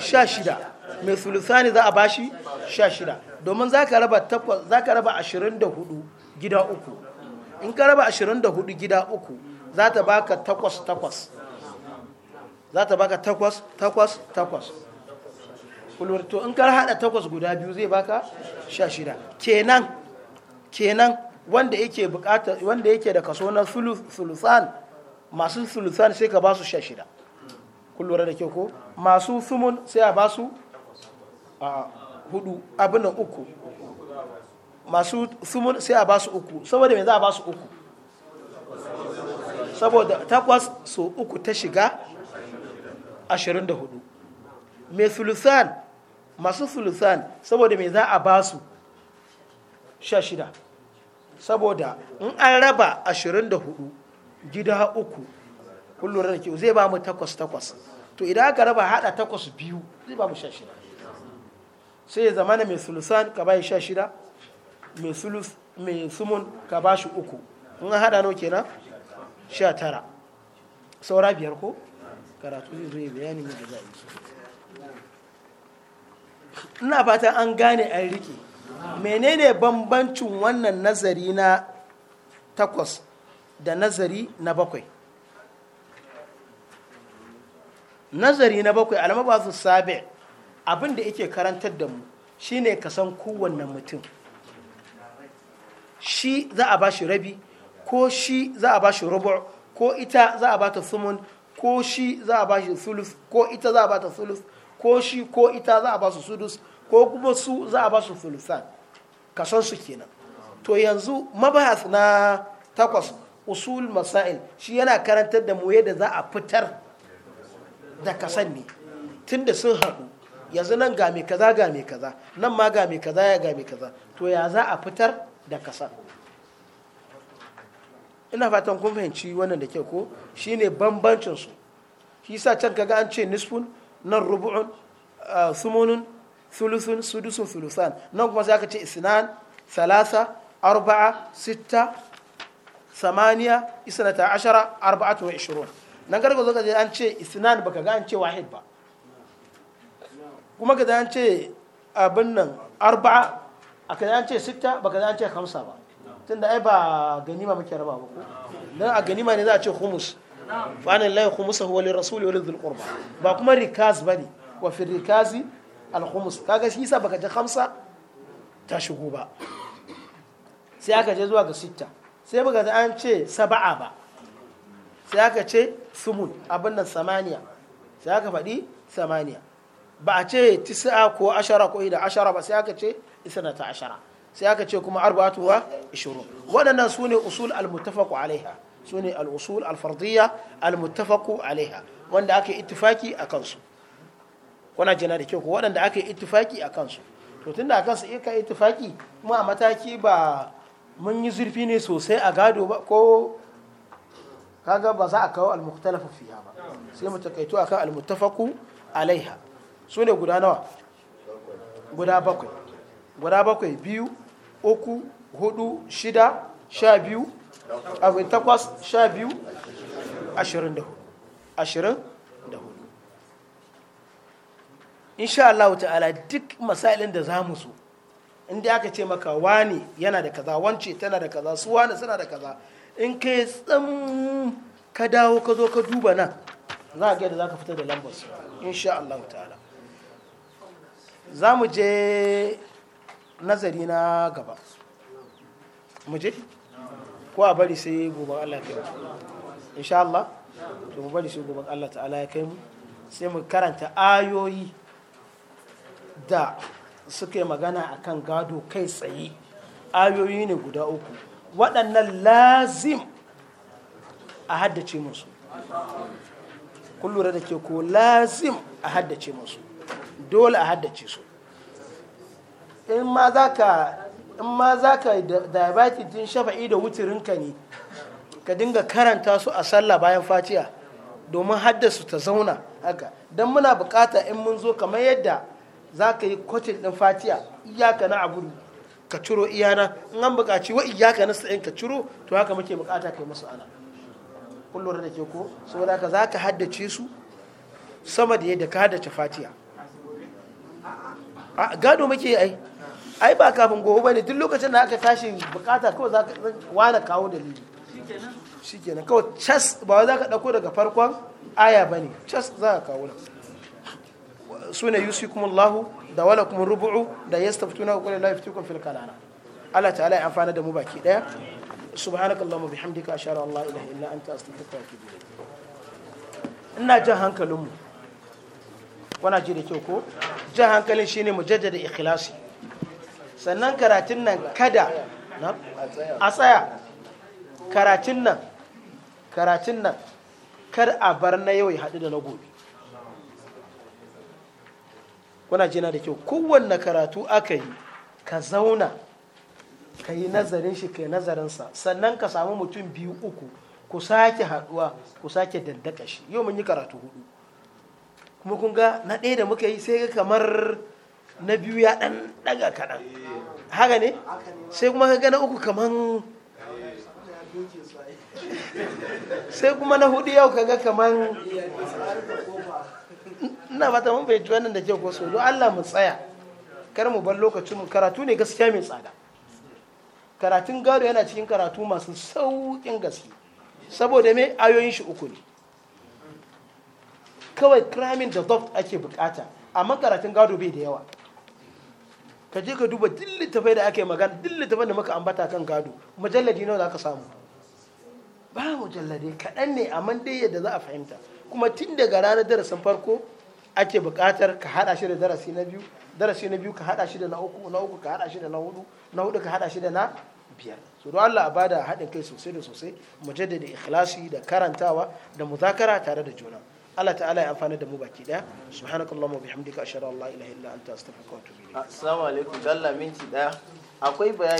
sha shida mai sulusani za a bashi sha shida domin za ka raba takwas za ka raba ashirin da hudu gida uku in ka raba ashirin da hudu gida uku za ta baka takwas takwas za ta baka takwas takwas takwas kulwar to in ka hada takwas guda biyu zai baka sha shida kenan kenan wanda yake bukata wanda yake da kaso na sulusan masu sulusan sai ka ba su sha shida kun da ke ko masu sumun sai a ba su a hudu abinan uku masu sumun sai a ba su uku saboda me za a ba su uku saboda takwas so uku ta shiga ashirin da hudu mai sulusan masu sulusan saboda me za a ba su sha shida saboda in an raba ashirin da hudu gida uku kullum da ke zai ba mu takwas takwas to idan aka raba hada takwas biyu zai ba mu sha shida sai ya zamana mai sulusan ka bayi sha shida mai sulus mai sumun ka ba shi uku in an hada nau kenan sha tara saura biyar ko karatu zai zo bayani mai da za a ina fatan an gane an riƙe menene bambancin wannan nazari na takwas da nazari na bakwai nazari na bakwai su sabi abin da yake karantar da mu shine ka san kowanne mutum shi za a ba shi rabi ko shi za a ba shi rubu ko ita za a ba ta sumun ko shi za a ba shi sulus ko ita za a ba ta sulus ko shi ko ita za a ba su sudus ko kuma su za a ba su sulusan san su kenan to yanzu mabahas na takwas usul masail shi yana karantar da mu yadda za a fitar da kasan ne tunda sun haɗu yanzu nan ga mai kaza ga mai kaza nan ma ga mai kaza ya ga mai kaza to ya za a fitar da kasan ina fatan kun fahimci wannan da kyau ko shine bambancin su shi sa can kaga an ce nisfun nan rubu'un sumunun thuluthun sudusun thuluthan nan kuma sai aka ce isnan salasa arba'a sitta samaniya isnata ashara arba'atu wa ishirun nan karka zo kaje an ce isnan baka ga an ce wahid ba kuma kaje an ce abin nan arba'a a aka an ce sitta baka an ce hamsa ba tunda ai ba ganima muke raba ba ko dan a ganima ne za a ce humus fa anil lahi khumusahu wa lirrasul wa lidhil qurba ba kuma rikaz bane wa fi rikazi al khumus kaga shi yasa baka ji hamsa ta shigo ba sai aka je zuwa ga sitta sai baka ji an ce saba'a ba sai aka ce sumun abin nan samaniya sai aka faɗi samaniya ba a ce tisa ko ashara ko ida ashara ba sai aka ce isna ta ashara sai aka ce kuma arba'atu wa ishirun waɗannan su ne usul al-muttafaqu alaiha su ne al-usul al-fardiyya al-muttafaqu alaiha wanda aka yi ittifaki a kansu kuna jina da kyau ko waɗanda aka yi ittifaki a kansu to tunda a kansu iya ka ittifaki kuma a mataki ba mun yi zurfi ne sosai a gado ba ko kaga ba za a kawo almuktalafu fiya ba sai mu takaito akan a alaiha su ne guda nawa guda bakwai guda bakwai biyu uku hudu shida sha biyu abin takwas sha biyu ashirin da hudu ashirin da hudu insha Allah ta'ala duk masalin da za mu so in da aka ce maka wani yana da kaza wance tana da kaza su wani suna da kaza in ka yi tsam ka dawo ka zo ka duba nan za a ga da za ka fitar da lambar su insha Allah ta'ala za mu je nazari na gaba mu je ko a bari sai gobe Allah kai insha Allah to mu bari sai gobe Allah ta'ala ya kai mu sai mu karanta ayoyi da suka yi magana a kan gado kai tsaye ayoyi ne guda uku waɗannan lazim a haddace musu kun da ke ko lazim a haddace musu dole a haddace su in ma za ka in ma shafa'i da wuturinka ne ka dinga karanta su a sallah bayan fatiya domin haddasa ta zauna haka don muna bukata in mun zo kamar yadda za ka yi kwatin ɗin fatiya iyaka na abudu ka ciro iyana in an buƙaci wa iyaka na sa'in ka ciro to haka muke buƙata ka yi masu ana kullum da ke ko saboda ka, za ka haddace su sama da yadda ka haddace fatiya gado muke ai ai ba kafin gobe ne duk lokacin da aka tashi buƙata kawai za ka wani kawo dalili shikenan kawai cas ba za ka ɗauko daga farkon aya ba ne cas za ka kawo nan sune yusikumullahu da wala kuma rubu'u da yastaftuna qul la yaftikum fil kalala Allah ta'ala ya amfana da mu baki daya subhanakallahumma bihamdika ashhadu an la ilaha illa anta astaghfiruka wa atubu ilayk ina jan hankalinmu wana ji da kyau ko jan hankalin shine mu jaddada ikhlasi sannan karatun nan kada a tsaya karatun nan karatun nan kar a bar na yau ya haɗu da na gobe kuna jina da kyau kowanne karatu aka yi ka zauna ka yi nazarin shi ka yi nazarinsa sannan ka samu mutum biyu uku ku sake haɗuwa ku sake dandaka shi yau mun yi karatu hudu kuma kun ga na ɗaya da muka yi sai kamar na biyu ya ɗan ɗaga kaɗan haka ne sai kuma ka gana uku kaman sai kuma na hudu yau ka ga kaman ina fata mun fahimci wannan da kyau ko so don Allah mu tsaya kar mu bar lokacin mu karatu ne gaskiya mai tsada karatun gado yana cikin karatu masu saukin gaske saboda me ayoyin shi uku ne kawai kramin da zoft ake bukata amma karatun gado bai da yawa ka je ka duba duk littafai da ake magana duk littafai da muka ambata kan gado mujalladi nawa za ka samu ba mujalladi kaɗan ne amma dai yadda za a fahimta kuma tun daga ranar darasin farko ake buƙatar ka haɗa shi da darasi na biyu darasi na biyu ka haɗa shi da na uku na uku ka haɗa shi da na hudu na hudu ka haɗa shi da na biyar so don Allah a bada haɗin kai sosai da sosai mu jaddada ikhlasi da karantawa da muzakara tare da juna Allah ta'ala ya amfana da mu baki daya subhanakallahumma bihamdika ashhadu an la ilaha illa anta astaghfiruka wa atubu ilayk assalamu alaikum dalla minti daya akwai bayani